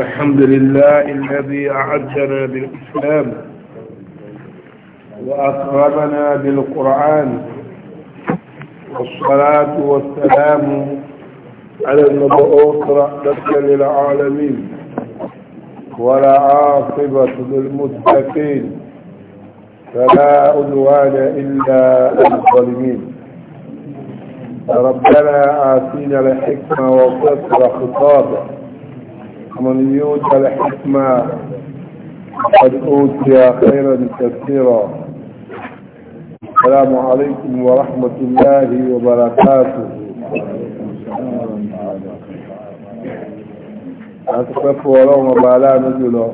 الحمد لله الذي أعدنا بالإسلام وأكرمنا بالقرآن والصلاة والسلام على المبعوث رحمة للعالمين ولا عاقبة للمتقين فلا عدوان إلا الظالمين ربنا آتينا الحكمة وقصر خطابه ومن يوت الحكمة قد أوتي خيرا كثيرا السلام عليكم ورحمة الله وبركاته أتكفوا ولو مبالا نجلو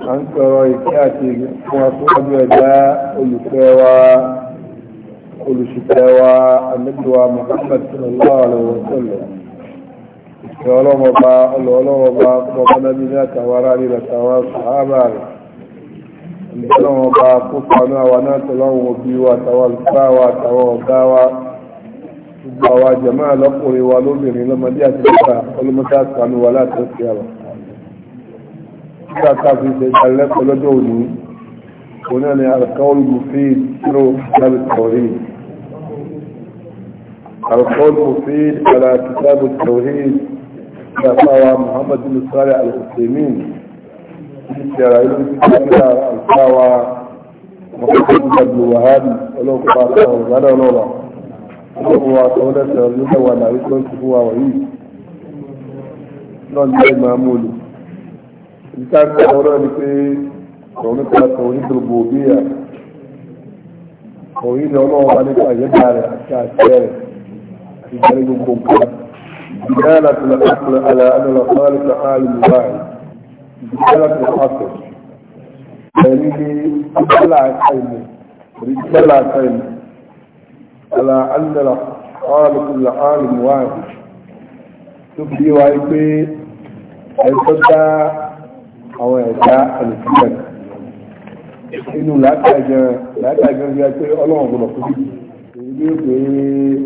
أنت رأيكاتي وأصحاب يداء الكوى olùsìtẹ́wà àmìdíwà محمد صلى الله عليه وسلم ọlọ́wọ́ bá ọlọ́wọ́ bá kọ́ kánábí ní àtàwọn ará rí àtàwọn sàábà rẹ̀ ọlọ́wọ́ bá kó kanú àwọn náà tọ́lọ́wọ́ òbí wa àtàwọn àlùfáà wa àtàwọn ọ̀gá wa gbogbo àwọn jẹ̀mọ́ àlọ́kùnrin wa lóbìnrin lọ́mọdé àti nípa ọlọ́mọdé kanú mufid tiro lábẹ́ tọ̀rí alkawul mufid ala kitabu tawhid ìyàfáwa muhammad bin sari al-hussemin ti ṣẹ̀rà ilé ti ṣẹ̀rà àlùfáwa muhammad bin abdul wahab ọlọ́pàá àtàwọn ọ̀gádà ọlọ́wà ọlọ́pàá wa tó lẹ́sẹ̀ nílẹ̀ wà láàrín tó ń ti fún wa wọ̀nyí náà nílẹ̀ máa mú olù ìta ń tẹ̀wọ́ náà ni pé ọ̀rọ̀ nípa tọ̀wọ́ ní gbogbo òbí yà ọ̀rọ̀ yìí ni ọlọ́wà nípa ìyẹ́dà rẹ̀ àti àṣẹ rẹ̀ àti ìdarí دلالة الأصل على أن الخالق عالم واحد دلالة الأصل يعني أطلع علم طلع علم على أن الخالق العالم واحد تبدي وايبي أيضا أو أداء الكتاب إنه لا تجا لا تجا يأتي ألوان الله أقول لك إيه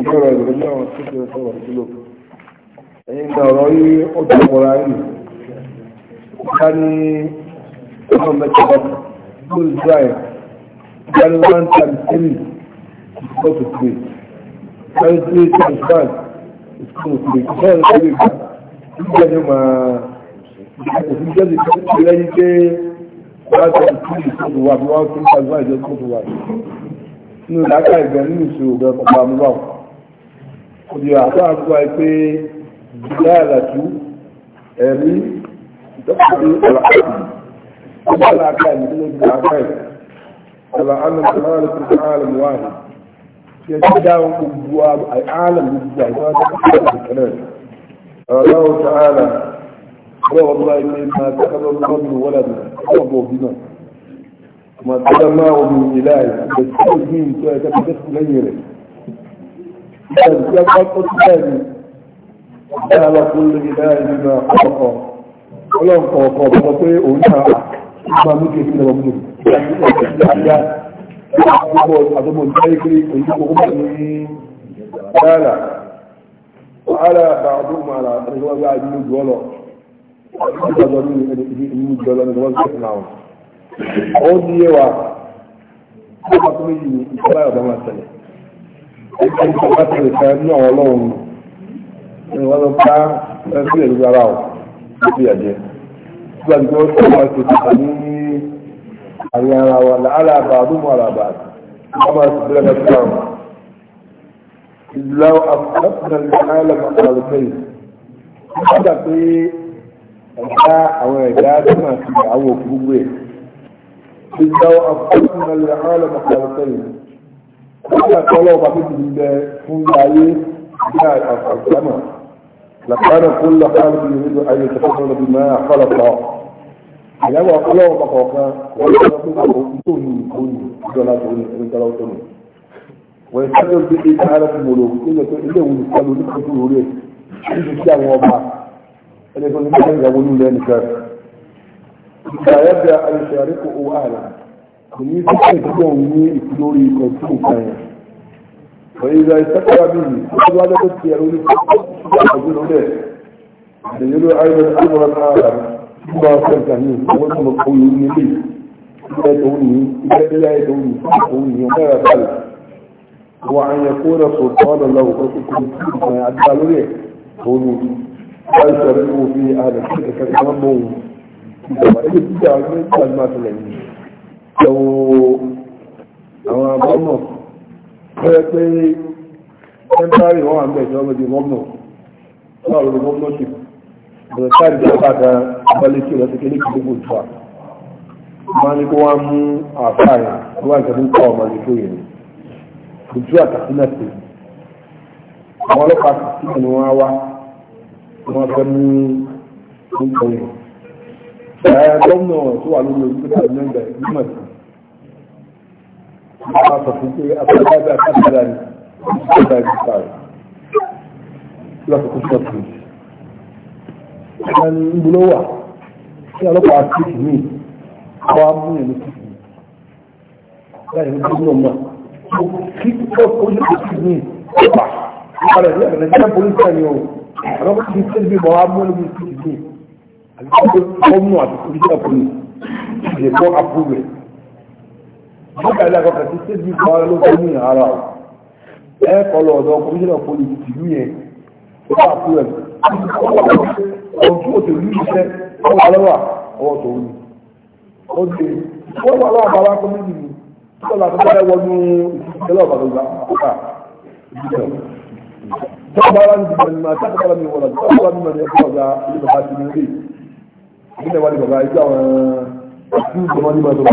ìjọba ìròyìn náà wọ́n tún jẹ́ sọ̀rọ̀ sílò ẹ̀yìn ìgbà ọ̀rọ̀ yí ó ti pọ̀ra yìí ká ní ọmọ mẹ́ta ọkọ̀ goal drive ká ní one time three is four to three ká ní three times one is four to three kò sọ̀rọ̀ sílò ìgbà nígbà ní mà òfin jẹ́sì tó ti lẹ́yìn pé one time three nínú ìdáká ìgbẹ́ nínú ìṣòro ìgbẹ́ òdì àbá àgbà pé ìdílé àlàjú ẹ̀rí ìtọ́kùnrin àlàáfíà ọba àlàáfíà ìdílé ìgbà àgbáyé àlàáfíà ìtọ́kùnrin àlàáfíà wáhì ya ci dawon abubuwa a alam da ba ta kasar da kanar Allah ta'ala ba wallahi ne ma ta kabar mabu wala da kuma gobina ma ta ma wa min بل يبقى ثاني على كل إله بما خلق ولم خلق بطيء ونهى ما ممكن من الممكن أدم الذكر ويجب أمني لا لا وعلى بعضهم على رجوع بعد مجولا أجرين أن مجولا من وزن معهم أودي وعلى أقوم بإسرائيل بما سلم ẹgbẹ́ pàtàkì nìkan ní àwọn ọlọ́run ni wọ́n lọ bá ẹgbẹ́ ìlú ara ọ̀ níbi ẹ̀jẹ̀ nígbà tí wọ́n tún máa ṣe tìkà ní àárín ara wa là alàbà àdúgbò alàbà wọ́n máa ṣe bẹ́rẹ̀ bẹ́ẹ̀ fún àwọn. ìlú àfúnà ní àlàmà àlùfẹ́yì wọ́n gbà pé ẹ̀dá àwọn ẹ̀dá tó máa ṣe àwọn òkú gbogbo ẹ̀. ìlú àfúnà ní àlàmà àlùfẹ́yì nígbà tí ọlọ́wọ́ bá tó ti bẹ fún ayé bí àgbàmọ̀ làkàrà kó làkàrà bí nínú ayé tó fọ́n lọ́bí máa kọ́lọ̀ pọ̀ ìyàwó ọlọ́wọ́ bá kọ̀ọ̀kan wọ́n lọ́wọ́ tó bá kọ̀ tó ní ìkóyè ìjọba tó ní ìjọba tó ní. wọ́n ìtàjọ́ bí i kára ti mọ̀lò nígbà tó ilé ìwòlù kan lórí kan tó lórí ẹ̀ níbi tí àwọn ọba ẹni tó ní káyọ̀ ìyàwó nílẹ̀ nìkan. ìgbà yẹ kò ní sí ẹ̀dúgbò ní ìlórí ikọ̀ tó nǹkan yẹn ọ̀yẹ́dà ìsẹ́kọ̀ọ́ bíbí tó bá lọ́dọ̀ ti ẹ̀rọ ní ọdún ọdẹ ìdèyẹlú ayọ̀ ìwọ̀n náà tí wọ́n fẹ́ gàní ìwọ́n tó mọ̀ kọ́ lórí nílé ilé tó ń ní ilé tó yáyé tó ń ní tó ń ní ọ̀gá rẹ̀ báyìí wọ́n á yẹ kó rẹ̀ sọ tọ́lọ̀ lọ́wọ́ kó kó kó adá lórí ẹ̀ tó ń ní báyìí sọ̀rọ̀ ní wo fi àdàkùn kẹ̀kẹ́ kan mọ́ òun ìjọba ilé tí ẹ̀wọ̀ àwọn àbọ́mọ̀ pẹ́ pé temporary wọ́n wà ń bẹ̀ jọ́mọ̀ di mọ́mọ̀ wọ́n lórí mọ́mọ̀ sí ọ̀rọ̀ táàrí tó pàdà abọ́lé tí ó lọ sí kéde kìí gbogbo ìtura máa ní kó wá mú àfáàyà tó wà nǹkan tó ń kọ́ ọmọ ní tó yẹn ojú àtàkùnà sí àwọn ọlọ́pàá sì sí ni wọ́n á wá wọ́n mú nǹkan yẹn a sọ fún pé àtàkùn àtàkùn ní ìjọba ìjọba rẹ̀ lọ́sọ̀kú ṣọ́ọ̀tù ẹni ìgbòlówà tí ọlọ́pàá títì ní àwọn amúnyẹ̀ ló títì ní láì ní gómìnà mọ́ kí ó kójú títì ní ọ̀pá ìpàdé ìlẹ́gbẹ̀rẹ̀ jẹ́ polisi ẹni o àwọn kò títì ní bọ̀ amúnyẹ̀ ló títì ní àti kí ó mú àti kò títì ní ìjẹ̀kọ́ àpúrẹ̀ nígbà ilé akọkà tí state youth wà ló fún ní ara o ẹ kọlọ ọ̀dọ̀ komisanna polisi tìlú yẹn tó bá kú ẹ ọ̀hún tí o tó lù iṣẹ́ ọwọ́ alọ́wà ọwọ́ tó wù ó dé wọ́n wà láwọn bàbá kọ́míìnì ni tó lọ́la tó bá wọnú ìfìdílẹ̀ ọ̀bàdàn gbà ọ̀bà ìdílẹ̀ tó bá wà ní ìdílẹ̀ nígbà tó bá wà ní ìwọ̀nà tó bá wà ní ìwọ̀nà ní ẹ̀kọ́ ọ̀gá ilé bàbá ti ní ilé ìdílẹ̀ wà ní bàbá ìjọ àwọn àti ìjọba ní bàbá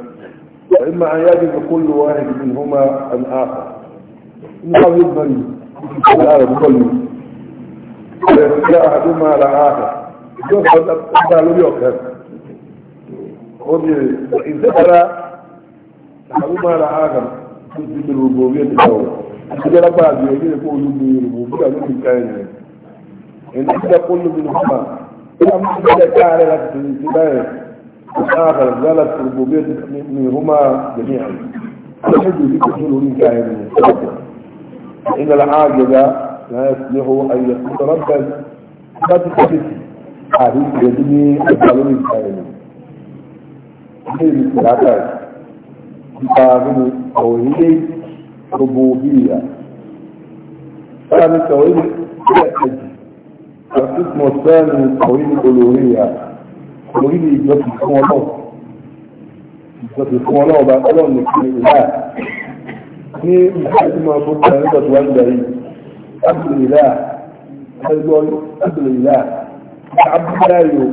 فإما أن يجد كل واحد منهما عن آخر إنه يبني الآن بكل فيستطيع أحدهما على آخر يبحث أبدال يوكل وإن ذكر أحدهما على آخر تجد الربوبية الأول إذا بعد يجد يقول يبني الربوبية من كائنه إن إذا كل منهما إذا ما كان لك في آخر زالت ربوبية منهما جميعا أحد يكتل من كائن إن العاجز لا يصلح أن يكون ربا لا تكتل هذه يدني أجل من كائن هذه الثلاثات كتاب توحيد ربوبية كتاب التوحيد القسم الثاني توحيد الألوهية orílẹ̀ ìjọ ti fún ọlọ́run ìjọ ti fún ọlọ́run bá ọlọ́run ní kiri ìlà ní ìjọ tí máa fún ọlọ́run nígbà tó wá ń darí abdul ìlà ẹgbẹ́ abdul ìlà abdullahi o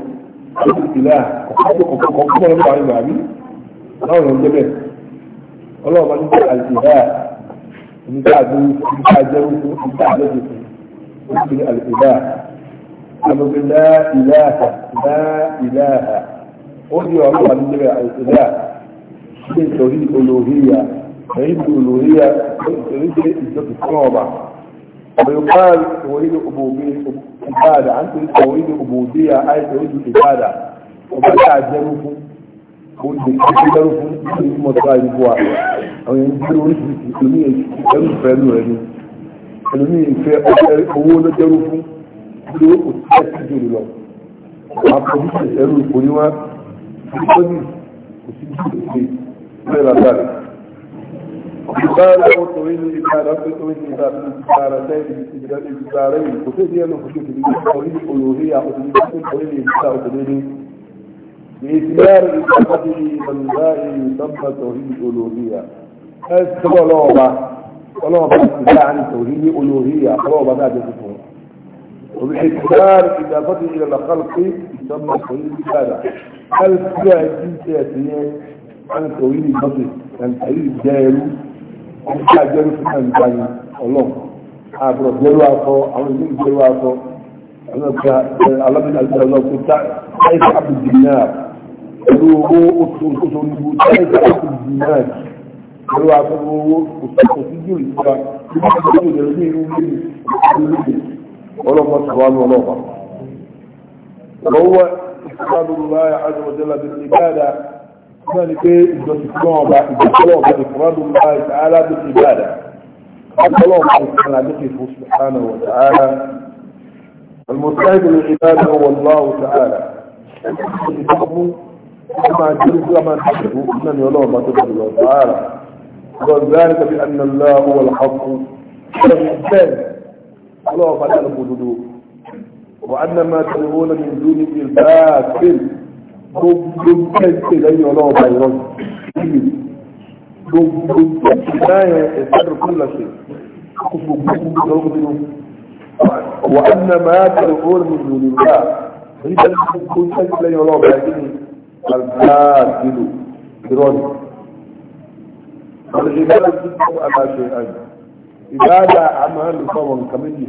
abdul ìlà ọ̀pọ̀ kọ́kọ́ nípa àwọn ìgbàgbé láwọn ọ̀rọ̀ jẹ́ bẹ́ẹ̀ ọlọ́run bá ní kí àti ìlà nígbà tó ń bá jẹ́ wípé nígbà tó ń bá jẹ́ wípé àgbègbè láìláha láìláha ó di ọ̀rọ̀ wà nílé àìsílá ṣe ìtòrí olóhíyà èyí ti olóhíyà ìtòrí ṣe ìjọba fún ọba ويقال توحيد العبودية عبادة عن توحيد العبودية أي توحيد العبادة وبدأ جرفه والجرف في مصائب أو ينزلوا نسبة المية جرف فعلوا هذه المية في أول جرفه tí ó kò sí ẹ̀sìn jù lọ àpòjúṣe ẹrù ìpòrí wá ìpọ́nì kò sí jù lọ sí ilé làbàrẹ̀ ìgbà lọ́wọ́ torí ní ìgbà lọ́wọ́ torí ní ìgbà lọ́wọ́ ìgbà rẹ̀ ìgbà ìgbà rẹ̀ kò sí ìdíyẹ náà kò sí ìdíyẹ orí olórí àkóso ní ìgbà orí ní ìgbà òkèlè ní بإثمار إجابته من لا يسمى توحيد الألوهية. أستغفر الله الله الله عن توحيد الألوهية الله بعد ذلك وبحكمار إضافته إلى الخلق يسمى توحيد الرسالة هل فيها الجنسية هي عن توحيد المصر عن توحيد الجاهل عن جاهل في المكان يعني الله عبر الجلوة أو عن الجلوة أو على من أجل الله كنت كيف عبد الدينار قالوا هو أصول أصول كيف عبد الدينار قالوا عبد الله أصول أصول أصول أصول أصول أصول أصول ولو سبحان ولو وهو إفراد الله عز وجل بالعبادة ذلك إفراد الله تعالى بالعبادة الله سبحانه سبحانه وتعالى المستعد للعبادة هو الله تعالى كما جلس لما تحبه إنني الله ما تبقى الله تعالى وذلك بأن الله هو الحق والإنسان الله فلا نقول وأن ما تدعون من دون الباطل دوم دوم كل شيء وأن ما تدعون من دون الباطل والعباد جدا أما شيئا إذا لا عمل فهو كمجد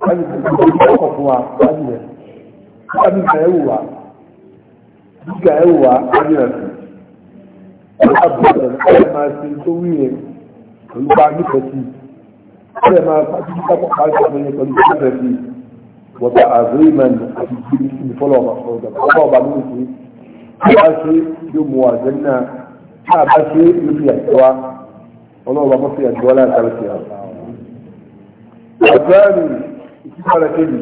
wọ́n ti fi ọkọ̀ fún wa wájú rẹ̀ wọ́n ti fi ẹ̀wù wa gíga ẹ̀wù wa wájú rẹ̀ sí wọ́n á bọ̀ ẹ̀rọ ẹ̀ máa ṣe tó wí rẹ̀ pẹ̀lú bá nífẹ̀ẹ́ sí wọ́n ẹ̀ máa pàṣẹ nípa pọ̀ pàṣẹ ọmọ yẹn pẹ̀lú bá nífẹ̀ẹ́ sí wọ́n ta agreement àti gbèrè sí ní fọ́lọ́ ọba ọba mi nìkú bí a ṣe yóò mú àjẹ́ náà bí a bá ṣe yóò fi àjẹ́ wa ọlọ́ọ̀bá mọ́ fi àjẹ́ wa láti àrẹ́sì àwọn. ìtúbára kébì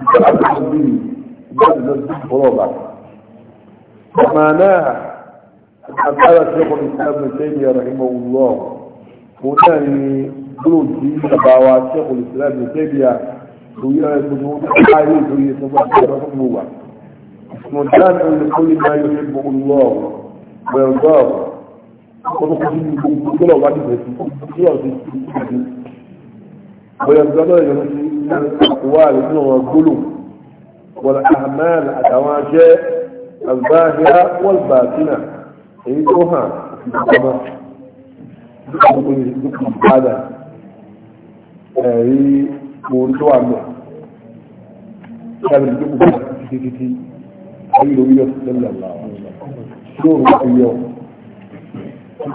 ìtúbára kébì ìgbàdì lọ sí ìfọlọ́ba معناها قال شيخ الاسلام ابن تيميه رحمه الله هنا بلوز دي تبعوا شيخ الاسلام ابن تيميه ويقولون حالي ويقولون تبعوا مجانا لكل ما يحبه الله ويرضاه ونقول لكم كل واحد يحبه bóyá gbọ́dọ̀ yẹn ti wà nínú wọn gbólù wọn ahmed àtàwọn ajẹ́ àgbáyà wọn bá sínà èyí tó hàn ìjọba gbogbo ìdúkùn padà ẹ̀rí ohun tó wà mọ̀ ṣáàbì títí ayé lórí yọ sílẹ̀ lọ́wọ́ lóòrùn ti yọ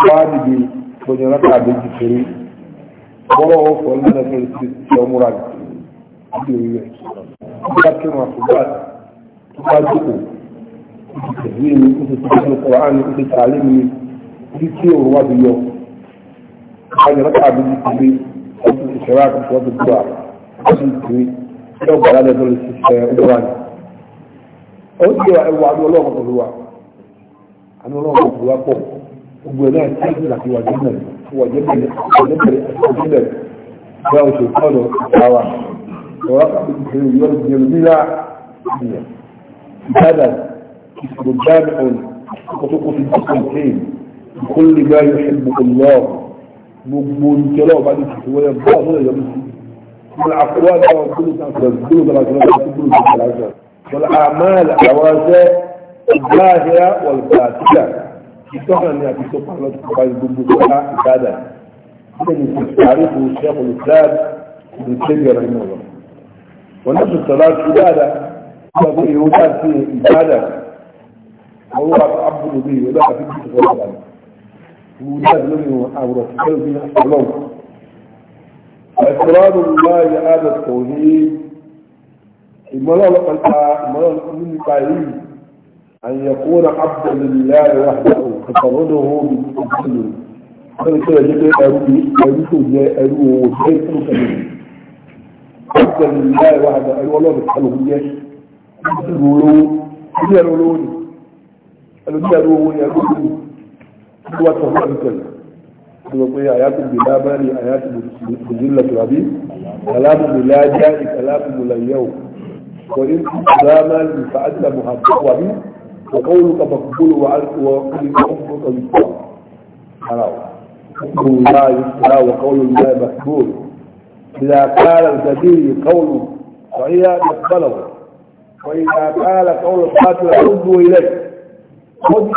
wọ́n á dìde bọ́jọ́ látàbí bọ́wọ́ wọn kọ́ ní ẹ̀fẹ́ ti lọ múra bí orí rẹ̀ tó bá kí wọn àfọ̀gbà tó bá jókòó ó ti tẹ̀lé mi ó ti tẹ̀lé mi kọ́ àánú ó ti tààlé mi ní kí òun wá bí yọ ayọ̀ lọ́kà bí ti tẹ̀lé ó ti ìṣẹ̀rá àti ìṣọ́ ti gbọ́ ó ti tẹ̀lé ẹ̀rọ gbàdá lẹ́dọ̀ lè ti ṣe ọgbà ni. ó ti yọ ẹwà àmì ọlọ́run kò lù wá àmì ọlọ́run kò lù wá pọ̀ gbogbo ẹ̀ náà ti وجد وجد وجد جاء شيطان الهوى ورقب يرجع هذا كتاب جامع وتقوى في التقوى بكل ما يحبه الله مجمون كلام بعد شوية بعض ولا العقوال أو كل والأعمال عوازة الظاهرة والباطلة في سهرة في سفر الله سبحانه وتعالى عبادة من تعريفه الشيخ الإسلام ابن تيمية رحمه الله ونفس الصلاة عبادة وفي هدى فيه عبادة وهو تعبد به ولا في كل صلاة ولا لم يعبد في قلبه الله إقرار الله هذا التوحيد الملاله الملاله من قائل ان يكون عبدا لله وحده ìtàwọ́dọ̀ owó ìgbìyànjú lórí tó yẹ pé ẹrú ẹrú tó jẹ ẹrú owó bẹ́ẹ̀ tó tẹ̀lé ọ̀sẹ̀lẹ̀ ìlú ẹ̀rọ àgbà ẹrú ọlọ́run kan lòún jẹ́ ẹrú olówó ẹrú ẹrú olówó ni ẹrú ní ẹrú owó ni ẹrú olówó ni ẹrú wà tó fún ẹrú tẹ̀lé ẹrú pé àyàtò gbèlá bẹ́ẹ̀ni àyàtò gbèlá tùràbí kàlámù gbèlá já ìkàlámù gbèlá yẹ̀wò kò ní kàlámù gbèlá وقولك مقبول وقولك حبك بالصبر حرام قول الله يسرى وقول الله مقبول إذا قال الجديد قول وإذا مقبله وإذا قال قول القاتل رده إليه خذ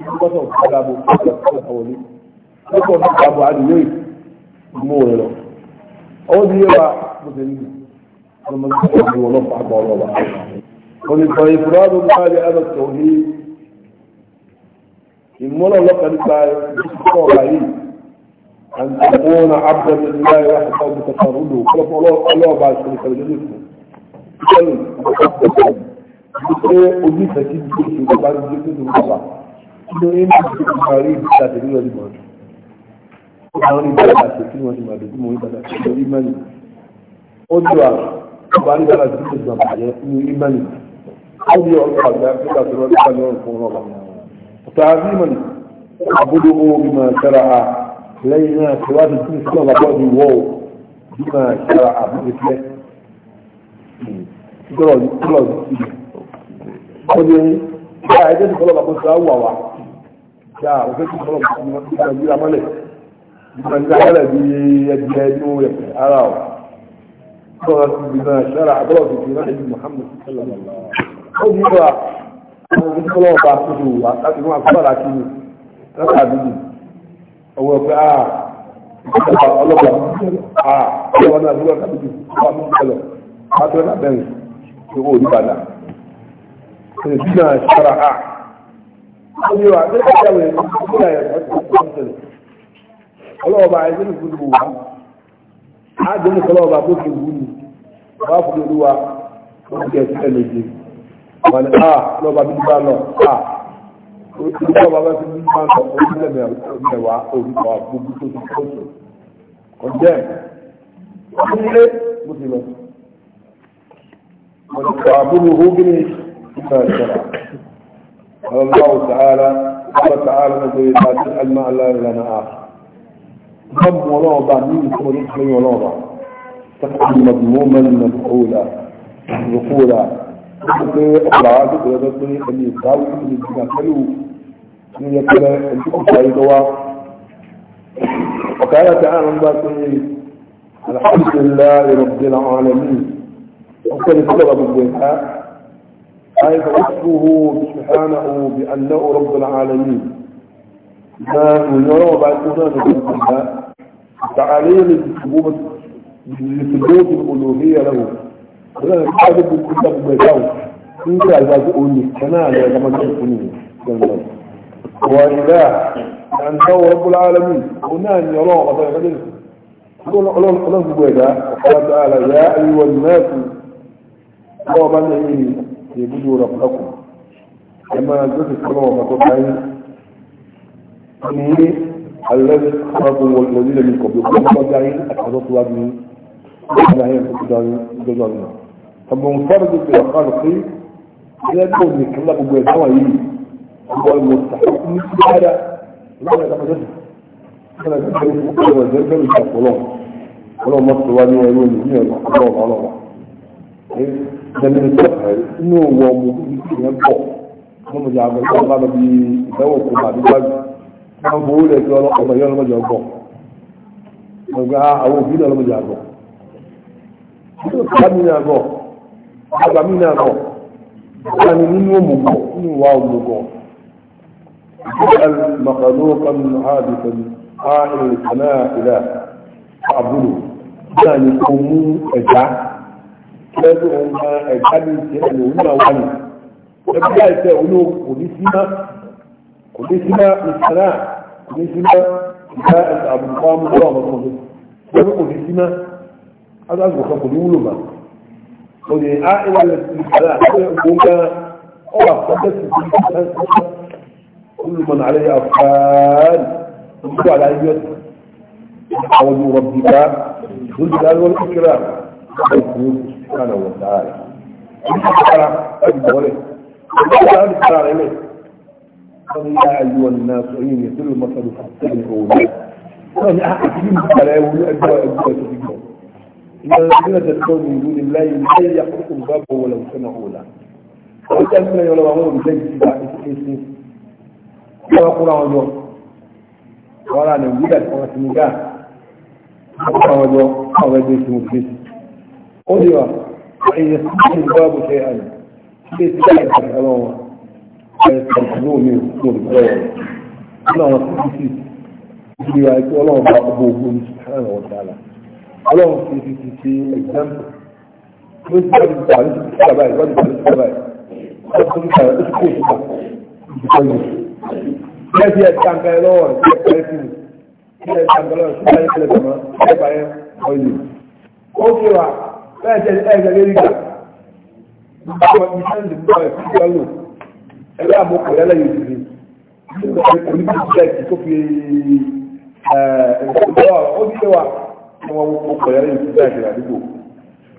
كيف بصر كتابه حولي بصر كتابه عن يوم مور له أود يبقى مثل لما يقول الله أكبر الله onígbọ̀n ìfúráàbù máa rí ẹ̀rọ tó ní ìmúlò ọlọ́pàá nípa ìdíkọ̀ ọ̀la yìí àǹtẹ̀kùnà abdul ilayi rahman mutata na kọlọpọ ojú ìfẹ̀sí ndị ndị ndị ndị nígbà láti أي القلب لا ترد ينفر تعظيما عبده بما شرع لينا سواد الدين صلى الله عليه وسلم بما شرع بإثبات قالوا قالوا قالوا قاعدة صلى الله عليه وسلم وواحد جاء وفيت صلى الله عليه وسلم عمله من زعل بيجهده يفتح أراه قالوا بما شرع براسه في نحن محمد صلى الله عليه وسلم ó bí wà àwọn òbí tó lọ́wọ́ bá tó dùn wà láti wọn àkọ́bà láti ní lọ́kà àdúgbò ọwọ́ pé a ìjọba ọlọ́pàá a ọwọ́ náà lọ́wọ́ láti dùn wà mú ìjọlọ wà tó lọ́nà bẹ́ẹ̀ tó ó ní bàdà ṣe bí náà ṣọ́ra a ó bí wà tó lọ́wọ́ ìjọba ìjọba ìjọba ọlọ́ọ̀bá ẹgbẹ́ ìgbìmọ̀ wà á jẹ́ ní kọlọ́ọ̀bá tó fi wú ni wà á fún olúwa ó ti kẹ́ ẹ̀sìn ẹ̀ wọn ni a lọba bí bá lọ a olùkọ́ bàbá ti bí bá lọ orílẹ̀ mẹ́wàá orúkọ àbúrú tó ti kóòtù ọjẹ́ ilé mo ti lọ ọ̀dọ̀ àbúrú hógínì ìgbà ìjọba الله تعالى قال تعالى نقول لا تسأل ما لا لنا آخر ضم ولا وضع مين يكون يدخل ولا وضع تقول مضموما مفعولا وقولا pé ọ̀rọ̀ àwọn àgbègbè ọ̀dọ́ pé ẹni ìdáwó tó lè jìnnà pẹ̀lú ní ẹgbẹ́ ẹni tó kù sáyé lọ́wọ́ ọ̀kà ayọ̀ tí àwọn gbà pé alhamdulillahi rabbil alamin ọ̀pẹ́ ní sọ́dọ̀ gbogbo ẹ̀ka ayé fọ́sùwò subhanahu bi annahu rabbil alamin na ìyọ́rọ̀ ọba tó náà ní gbogbo ẹ̀ka tààrí ní ìṣubú ìṣubú ìṣubú ìṣubú wannan ka ga duk da mai kawo in ka ga ku oni kana da zama da ku ne wannan wa ila an tawo rabbul alamin kunan ya rawa da kadin kun ulun ulun ku ga qala ta'ala ya ayyuhan nas wa man yi budu rabbakum kama zuki kuma ba ko kai ni الذي خلقوا والذين من قبلكم فدعين أتحدثوا بهم ولا هي تدعين جزاء الله فمنفرد بالخلق لا يكون يتكلم بيتوه يلي هو المستحق من هذا لا لا ما جد لا جد هو زلزل الكفلون ولو ما واني واني واني الكفلون على الله ده من السهل انه هو موجود في الفوق هم جاب الله قام بيدوق مع الوجه كان بقول لك يا رب ما يلا ما جاب الله وقع او في لا ما جاب الله كان يا رب àgbà mí náà lọ wọ́n ní nínú òmùgọ̀ nínú wa òmùgọ̀ المخلوق عادة قائل القناة فاعبدوا náà ni kò mú ẹ̀dá lẹ́nu ọmọ ẹ̀dá ní ìṣe ẹ̀lò òun náà wà ní ẹbí àìsẹ̀ òun kò ní síná kò ní síná ìṣẹ̀lá kò ní síná ìṣẹ́ àbùkọ́ àmúlò àwọn ọmọ ọmọ ẹ̀dá kò ní síná adágbòkan kò ní wúlò máa ودي عائلة للمسلمين أوه قدس كل من عليه أفعال نقول على أيوة حول ربك ذو جلال والإكرام يقول سبحانه وتعالى الحرام أجب وليه الحرام الحرام إليه قال يا أيها الناس إن يدل المثل فاستمعوا له قال أحد يمكن إذا الذين تدعون من دون الله لا يخلقوا بابه ولو سمعوا له وأنت أسمع يا رب عمر بجد بعد سنين ولا قول عن ولا نوجد ولا سنجاه ولا وجه ولا بيت مجلس قل وإن يسمع الباب شيئا ليس لا يتكلمون ويستخدمون من سور الدور الله نصيب فيه يقول الله سبحانه وتعالى ọlọ́run fi fi fi fi example ló ti bá ti gbà ló ti gbà báyìí wọ́n ti gbà ló ti gbà báyìí wọ́n ti gbà ló ti kó ìgbà ìgbà yìí. Bí ẹ ti ẹ̀ ẹ lọ́wọ́ ẹ̀ ti ẹ̀ fún bí ẹ tàǹkà lọ́wọ́ sí ayé tẹ̀lé tẹ̀mọ́, ẹ bá yẹ ọ̀yẹ̀. Ó fi wà bẹ́ẹ̀ tẹ̀ ẹ̀ ẹ̀ lérí gbà. Gbogbo ìṣẹ́ǹdì gbọ́ ẹ̀ fi gbọ́ lò. Ẹ bá àmọ́ kò yálẹ̀ yóò kí wọ́n kó kọ̀ yára ìlú dáàkì àdúgbò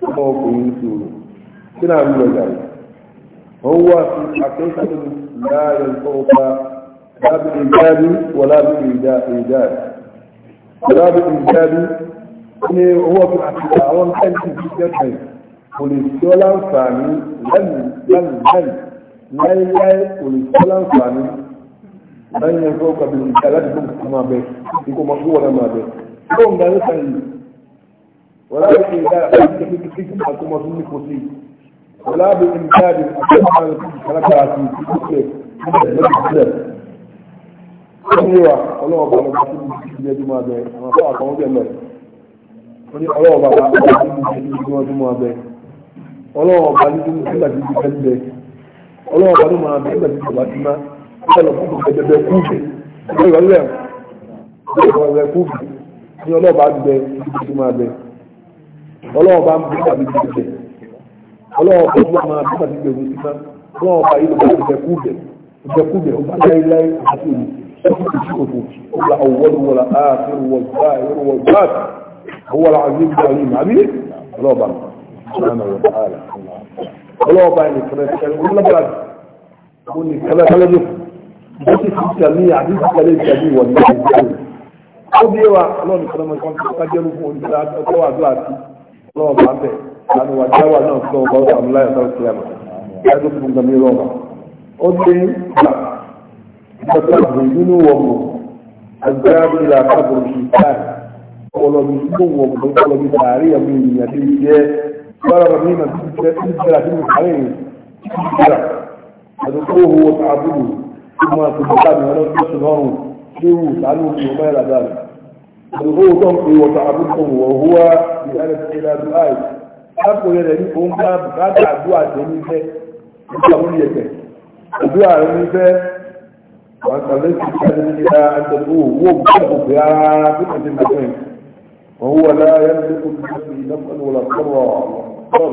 ọmọ ọkùnrin sòrò kí náà lọ yàrá wọ́n wá sí àtẹ́sọ́tò láàrin tó ọba lábìrì ìdáàbí wà lábìrì ìdáàbí lábìrì ìdáàbí ní owó ọ̀tún àti àwọn ẹ̀ǹtì tí jẹ́kẹ̀ kò lè tí ó láǹfààní lẹ́nu lẹ́nu lẹ́nu láíláí kò lè tí ó láǹfààní lẹ́yìn ẹ̀fọ́ kàbìrì ìdáàbí láti fún kàkọ́ máa bẹ ikú ọmọ kúwọ́n máa bẹ. ó ń darí sáyẹn ولا بإمداد أكما ظنك وسيء ولا بإمداد أكما خلق عسير Oníwà ọlọ́ọ̀bà lọ sí ìdílé ọdúnmọ́ abẹ, àwọn afọ àkàwọn bẹ̀rẹ̀ lọ́rẹ̀. Oní ọlọ́ọ̀bà lọ sí ìdílé ọdúnmọ́ abẹ. Ọlọ́ọ̀bà ní ìdílé nígbà tí ìdílé ń bẹ. Ọlọ́ọ̀bà ló máa bẹ nígbà tí ìdílé ti má. Ọlọ́ọ̀bà lọ fún ìgbẹ́jẹ́ bẹ kúùbì. Ìgbẹ́jọ́ rẹ̀ kúùbì. Ní ọlọ́ọ̀bà gbẹ ìdílé ọdúnmọ́ abẹ ọlọ́wọ́ bá ń bí tàbí ti bẹ̀ ọlọ́wọ́ bá ń bá máa bí tàbí bẹ̀rù sí máa ọlọ́wọ́ bá yìí lọ́wọ́ ìjẹkú bẹ̀ ìjẹkú bẹ̀ ọba láéláé àti òní ẹkú kò sí òfò ọba ọwọ́lu wọlá ààfin wọlá ẹrú wọlá ọwọ́lá àzíz bàálù màmí ọlọ́wọ́ bá ọlọ́wọ́ bá yìí kẹlẹ́ kẹlẹ́ ọlọ́wọ́ bá yìí kẹlẹ́ kẹlẹ́ wọ́n ti fi tẹ̀lé àdúgbò tẹ̀lé tẹ̀lé wọ̀nyí ó bí wa ọlọ́run kọ́nà mọ́ ìkọ́ńtà kájẹ́rú fún oníṣẹ́ ọkọ̀ àdúrà sí i lọ́wọ́ bá bẹ̀ láti wà jáwà náà sọ ọba ọba ọmọlá ẹ̀ka òkè àmà ẹ̀dùn fún gàmí lọ́wọ́ ó dé gbà ìjọba àbùrù nínú wọn mọ̀ àgbẹ̀rẹ̀ ìlà àkàbùrù ṣìṣàn ọlọ́bí tó wọ̀ mọ̀ ọlọ́bí tààrí àmì ènìyàn tó yẹ bára mi nà tó jẹ́ tó jẹ́ àti mùsàlẹ̀ yìí jẹ́ra àdúgbò owó àbúrò tó máa tó bá mi ọlọ́bí tó sùn lọ́rùn léwu sàánú mi ò máa yàrá dáadáa هو ضمي وتعبدهم وهو بهذا إلى دعائي أبو يدني أم باب دعاء جميلة يقول يك دعاء جميلة وأنت ليس كذب إلى أن تدعوه هو مكتب في عرافة المكان وهو لا يملك لنفسه نفعا ولا ضرا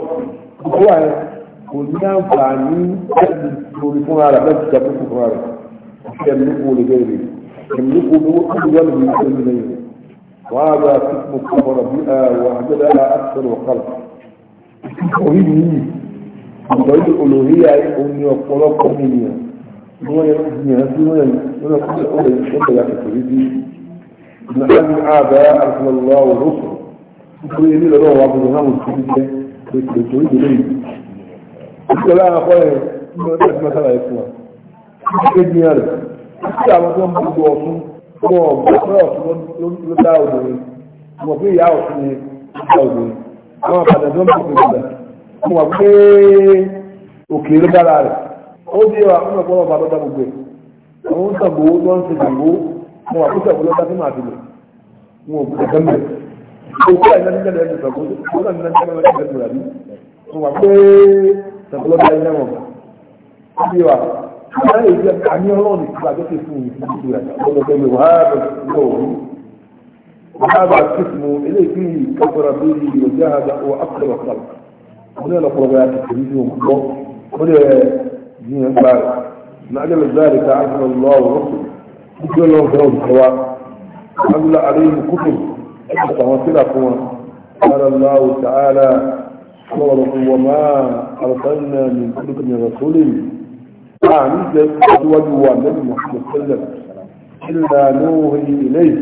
هو كنا فاهمين يقولون على نفسك يقولون على نفسك يملكه لغيره يملكه هو أول من يملكه وهذا كتب كبر بها وعددها أكثر وقلب توحيده توحيد الألوهية أمي وقلق أمي هو يرمي هذه هنا كل أولى يشتغل على توحيده من أهل الآباء أرسل الله ورسله يقول لي لو عبد الله والتوحيد التوحيد ليه يقول لا أخوي مثلا يسمع كيف يعرف؟ أكيد عم تقوم بالدعوة mo ọ̀pọ̀ ọ̀tún ló dá obìnrin mọ̀ pé ìyá ọ̀tún ni ó dá obìnrin àwọn àbàdà tó ń bọ̀ pé ìgbà mo wà pé òkè ló dára rẹ̀ ó bí wa fún ọ̀pọ̀ ọ̀bà tó dá gbogbo ẹ̀ àwọn ń sàgbó ló ń ṣe sàgbó mo wà pé sàgbó ló dá sí màá tilẹ̀ mo ò gbọdọ̀ tẹ́lẹ̀ òkú àìná ní jẹ́lẹ̀ ẹni sàgbó mo náà ní jẹ́lẹ̀ ẹni sàgbó rà mo wà pé sàgbó ló dá iná ó bí wa láì jẹ́ àní ọlọ́ọ̀nì tí a jọ́sẹ̀ fún ìfúnjú rẹ̀ lọ́dọ̀dọ̀ yóò hábà lọ́wọ́ hábà kìsìmù eléyìí kọ́kọ́rọ̀ bí i yóò jẹ́ hábà ó àkọ́rọ̀ kọ́lá mo ní ọlọ́kọ̀rọ̀ bá yàtọ̀ sí ní òun gbọ́ mo lè jiyàn gbà rẹ̀ ní ajẹ́lẹ̀ dáàrí ká àkọ́rọ̀ lọ́wọ́ rọ́sùn nígbà lọ́wọ́ fẹ́ olùkọ́wá agula àríyìn kúkú ẹ̀sùn àwọn sílà fún wọn قال الله تعالى وما أرسلنا من قبلك من رسول عن أزواج والنبي محمد صلى الله عليه وسلم إلا نوهي إليه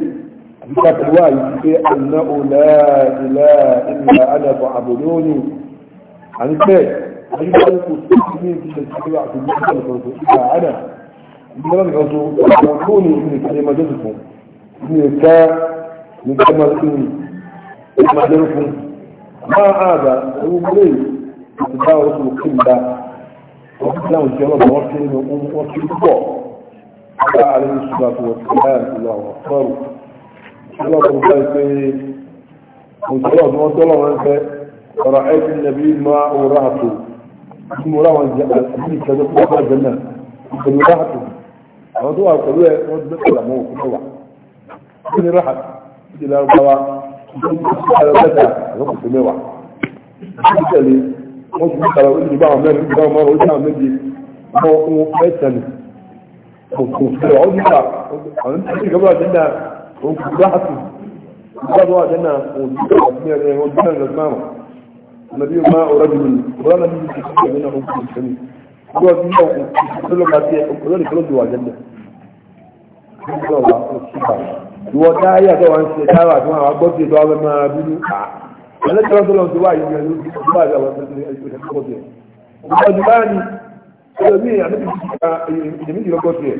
بكات الوالد في أن لا إله إلا أنا فعبدوني عن يعني البيت أجل أن أستخدمين في الشريعة في المسلمة الرسول إلا أنا إلا أنا الرسول أعبدوني من كلمة جزكم من كا من كما لكم كلمة جزكم ما هذا هو مليل أتباع رسول الله وكنا وجهنا بوكي نقوم وكي بقى قال عليه الصلاة والسلام الله أكبر الله أكبر وصلاة وصلاة أنت فرأيت النبي ما ورهته ثم رأى الجنة كذا قوة الجنة ثم رهته وضوء القلوة وضوء الأمور كلها ثم رحت إلى القوى ثم سأل لك رب سميوة قلت لي wọ́n ti kàrà ìgbà àwọn mẹ́rin ìgbà àwọn márùn-ún ìgbà méje wọ́n fún ẹ̀sẹ̀ ni kò fẹ́ ọ́ nígbà àwọn tí ìgbà wà nínú òun kò gbá àtù ìgbà wà nínú òun tí wà ní ẹ̀rẹ́ wọn bí ẹ̀rẹ́ márùn nàbí ọmọ ọ̀rọ̀ bí mi ọ̀rọ̀ nàbí mi ti kọ́ ìgbà òun kò fẹ́ mi ọ̀rọ̀ bí mi ọ̀hún kò lọ́ba tí ọ̀rọ̀ nìkan ló ti wà nínú ìwọ dáyà tó wà ń ṣe dáwà tó wà gbọ́ sí ìdọ́ ẹlẹ́tì lọ́dọ̀ lọ́dọ̀ tó wà yìí ẹ̀rọ ìgbà àgbà wọn tẹ̀lé ẹ̀ṣẹ̀ kọ́kọ́ tiẹ̀ ọdún bá ní ẹlòmíì àdébí ti ka ẹ̀mí ti kọ́kọ́ tiẹ̀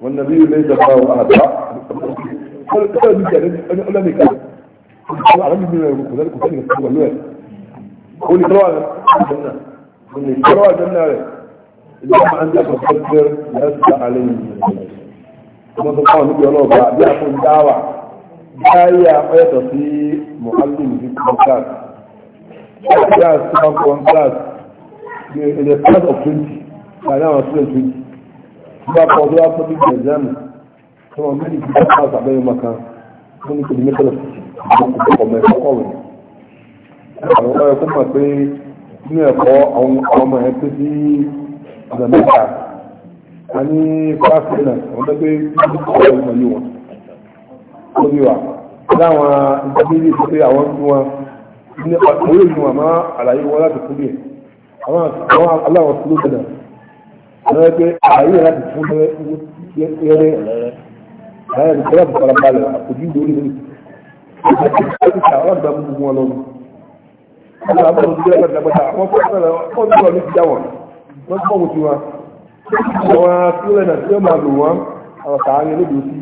wọn nàbí ilé ìjọba àwọn àbá ọlọ́dún tiẹ̀ ọlọ́mìkà ọlọ́mì mi rẹ̀ kò sẹ́ni kò sẹ́ni kò pẹ̀lú ẹ̀ olùkọ́wà rẹ̀ ìjọba àti àkọ́kọ́ tẹ̀ lẹ́sà àlẹ́ yìí báyà ọ̀yọ̀tọ̀ sí mohamed ní kọ́ńtàs kọ́ńtàs tó bá kọ́ńtàs in the class of twenty by now i'm still twenty tó bá kọ́ tó bá kọ́ bí exam tó wọn bí ìdí tó kọ́ àbẹ́yẹ maka wọn ní kò ní mẹ́tọ́lọ̀ sí ọmọ ẹ̀kọ́ kọ̀wé àwọn ọ̀yọ̀ kó mọ̀ pé nínú ẹ̀kọ́ àwọn ọmọ ẹ̀ pé sí a ní class nine àwọn ọmọ ẹgbẹ́ ọ̀yọ̀ lórí wa láwọn ìdílé sọ pé àwọn tí wọn ní orí ìlú àmọ́ àlàyé wọn láti fún bíi àwọn aláwọ̀ tó lóde náà lọ́wọ́ pé àlàyé láti fún yẹrẹ àlàyé láti láti fara balẹ̀ àpòjú lórí mi láti ta àwọn àgbà gbogbo wọn lọ́nu àwọn àbọ̀ tó jẹ́ àgbà gbàgbà àwọn wọn tó wà ní wọn wọ́n tó wọ́n ti wọn wọ́n máa lò wọ́n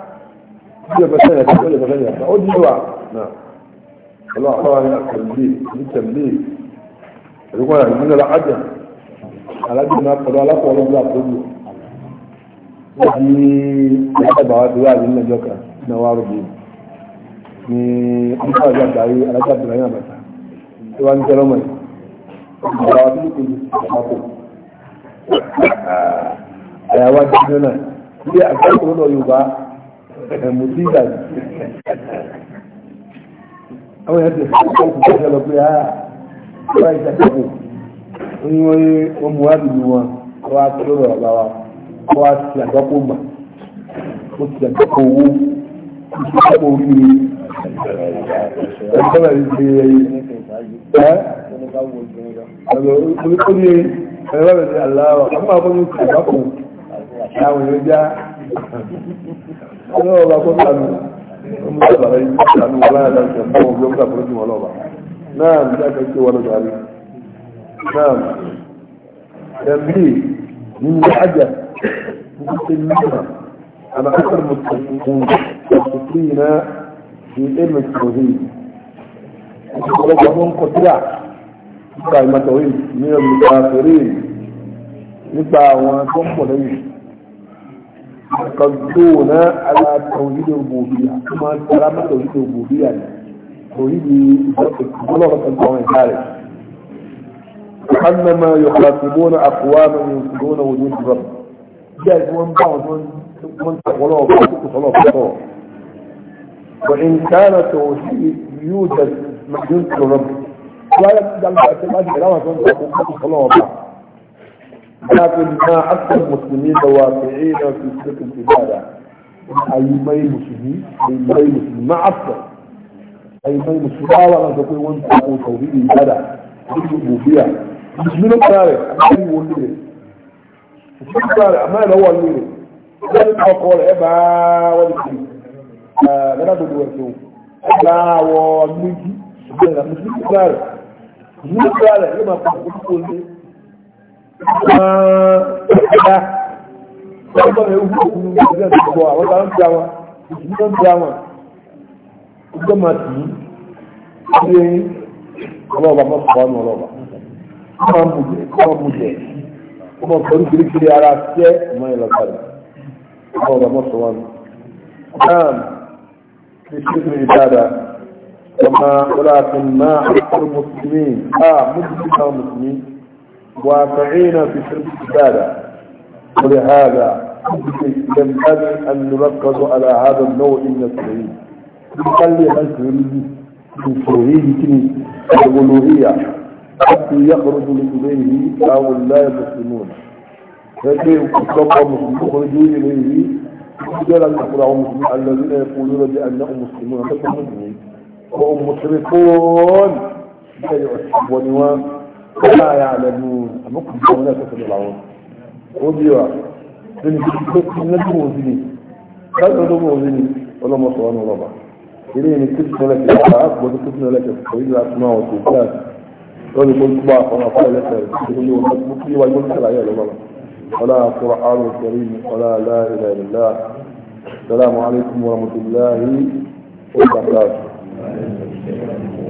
bí ọ̀pọ̀ sẹ́yìn àti ọ̀pọ̀ sẹ́yìn àti ó dúró à náà ọlọ́ àpáwá ní àtẹ̀lé ní tẹ̀lé ẹ̀rọ̀kọ́ rẹ̀ nínú ọ̀la ájà alájọ náà pẹ̀lú alákọ̀ọ́lọ́ bí àtọ́jú wọ́n di ẹ̀ẹ́dẹ̀bà wá dúró àdínní ẹjọ́ kan náà wá rò bíi ní ọjọ́ àjọ àgbáyé alájà bìrẹ̀ àbàtà tó wá ní tẹ́lọ́mọ̀ yìí ọ̀gbọ̀n àwọn tó kù ní àpapọ̀ àyàwó àjọ náà bí àgbáyé kòrónà Yorùbá mùsí ìgbàgbé àwọn èèyàn ti fún ọkùnrin tó ṣẹlẹ̀ pé áà wá ìṣàkóso ní wọ́n yé wọ́n mú wá lùlù wọn kó wá tó lọ́rọ̀ ọ̀gá wa kó wá ti àgbákò mà kó ti àgbákò owó kó ti àgbákò orí mi ẹgbẹ́ bẹ̀rẹ̀ ti ṣe ẹ́ ẹ̀rọ ó ní ẹ̀rọ bẹ̀rẹ̀ ti àlá ọ̀ ní àgbákò àwọn èèyàn já ọlọ́wọ́ bá kó sànù ọmọ ìgbàlá yìí sànù wọn láyà láti ṣe fún ọgbẹ́ ọgbà fún ìjùmọ̀ lọ́wọ́ náà ní ẹgbẹ́ tí wọn lọ́dọ̀ àlè náà ẹ̀mí nínú àjà nígbà tí ní ìgbà àná akọ̀rọ̀ mọ̀tòkùn mọ̀tòkùn iná ní ẹ̀mí tòhí ọ̀pọ̀lọpọ̀ àwọn kọ̀tíra nípa ìmọ̀tòhí ní ẹ̀mí nípa àwọn tó ń pọ̀ lẹ́yìn يقدون على توحيد الربوبية كما كلام توحيد الربوبية يعني. توحيد بلغة القوانين ذلك كأنما يخاطبون أقواما ينكرون وجود الرب جاء من بعض من من تقولوا بعض وإن كان توحيد يوجد من ينكر الرب ولا يجعل الاعتماد إلى ما تنكر وقد صلوا بعض لكن ما أكثر المسلمين واقعين في سلك العبادة أي ما مسلمين أي ما المسلمين ما أكثر أي ما مسلمين ولا تقول وانت أقول توحيد العبادة يجب بها مسلمين كاري أمال هو الليل مسلمين كاري أمال هو الليل ذلك أقول إبا ولكي آه، لا تدور سوء إبا ومجي مسلمين كاري مسلمين كاري لما تقول كل ọ̀dá ọgbọ́n mi wúlò fún mi ìgbésẹ̀ tó bọ̀ àwọn tó ń bí àwọn ìdílé tó ń bí àwọn ìgbọ́n máa tì í ṣe ọlọ́ọ̀bà máa fọwọ́ nù ọlọ́ọ̀bà kọ́ máa mú jẹ kọ́ máa mú jẹ kọ́ máa fọwọ́ kiri kiri ara tẹ́ ọmọ yẹn lọ́sàdà ọlọ́ọ̀bà máa fọwọ́ nù. náà ṣe ṣe fún mi dáadáa ọmọ ọlọ́ọ̀bà máa ń kọ́ mùsùlùmí واقعين في شرك العبادة ولهذا ينبغي أن نركز على هذا النوع من التوحيد نخلي التوحيد من توحيد الألوهية حتى يخرج إليه أو لا يسلمون فكيف يخرج إليه رجال الأخرى الذين يقولون بأنهم مسلمون فهم مسلمون وهم مشركون لا ونوام لا يعلمون ممكن يكون لا تفعل العون وديوا من النبي موزني قال له موزني ولا ما صوان ولا بعض إليه من كل سنة في الحق وذكرنا لك التوحيد الأسماء والصفات ويقول صباح ولا فعل يقول لي ومكي ويقول لك العيال والله ولا قرآن كريم ولا لا إله إلا الله السلام عليكم ورحمة الله وبركاته